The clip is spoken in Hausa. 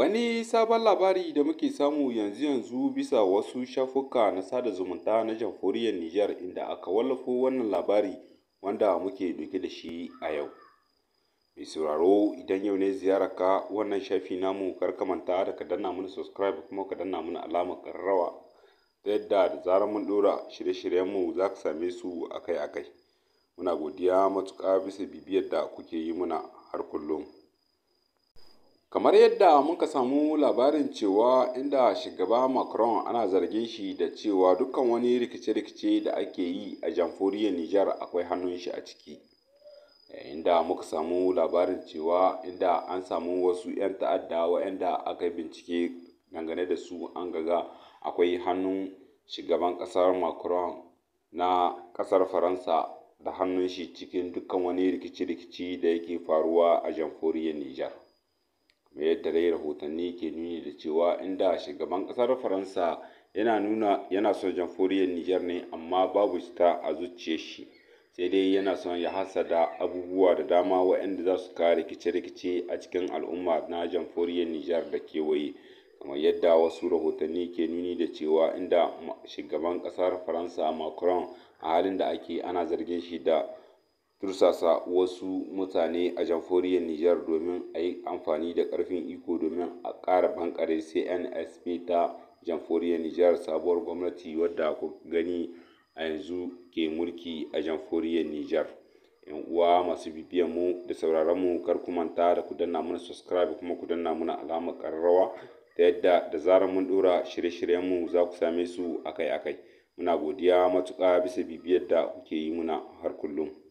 Wani sabon labari da muke samu yanzu-yanzu bisa wasu shafuka na sada zumunta na jamhuriyar Nijar inda aka wallafo wannan labari wanda muke doke da shi a yau. Mai sauraro idan yau ne ka wannan shafi namu kar ka manta da ka danna mana subscribe kuma ka danna mana alamar ƙararrawa ta yadda da zarar mun ɗora shirye-shiryenmu za ka same su akai-akai. Muna godiya matuƙa bisa bibiyar da kuke yi muna har kullum. kamar yadda muka samu labarin cewa inda shugaba macron ana zargin shi da cewa dukkan wani rikice-rikice da ake yi a jamhuriyar nijar akwai hannun shi a ciki inda muka samu labarin cewa inda an samu wasu 'yan ta'adda waɗanda aka yi bincike dangane da su an gaga akwai hannun shugaban ƙasar macron na ƙasar faransa da hannun shi cikin dukkan wani rikici-rikici da yake faruwa a jamhuriyar nijar kamar yadda dai rahotanni ke nuni da cewa inda shugaban kasar faransa yana nuna yana son jamhuriyar nijar ne amma babu cita a zuciyar shi sai dai yana son ya hasada abubuwa da dama waɗanda za su kawo rikice-rikice a cikin al'umma na jamhuriyar nijar da kewaye kamar yadda wasu rahotanni ke nuni da cewa inda shugaban kasar faransa macron a halin da ake ana zargin shi da tursasa wasu mutane a jamhuriyar Nijar domin a yi amfani da ƙarfin iko domin a ƙara bankare CNSP ta jamhuriyar Nijar sabuwar gwamnati wadda ku gani a yanzu ke mulki a jamhuriyar Nijar. ‘Yan uwa masu bibiyan mu da sauraron mu kar ku manta da ku danna mana subscribe kuma ku danna mana alamar ƙararrawa ta yadda da zarar mun ɗora shirye-shiryen mu za ku same su akai-akai. Muna godiya matuƙa bisa bibiyar da kuke yi muna har kullum.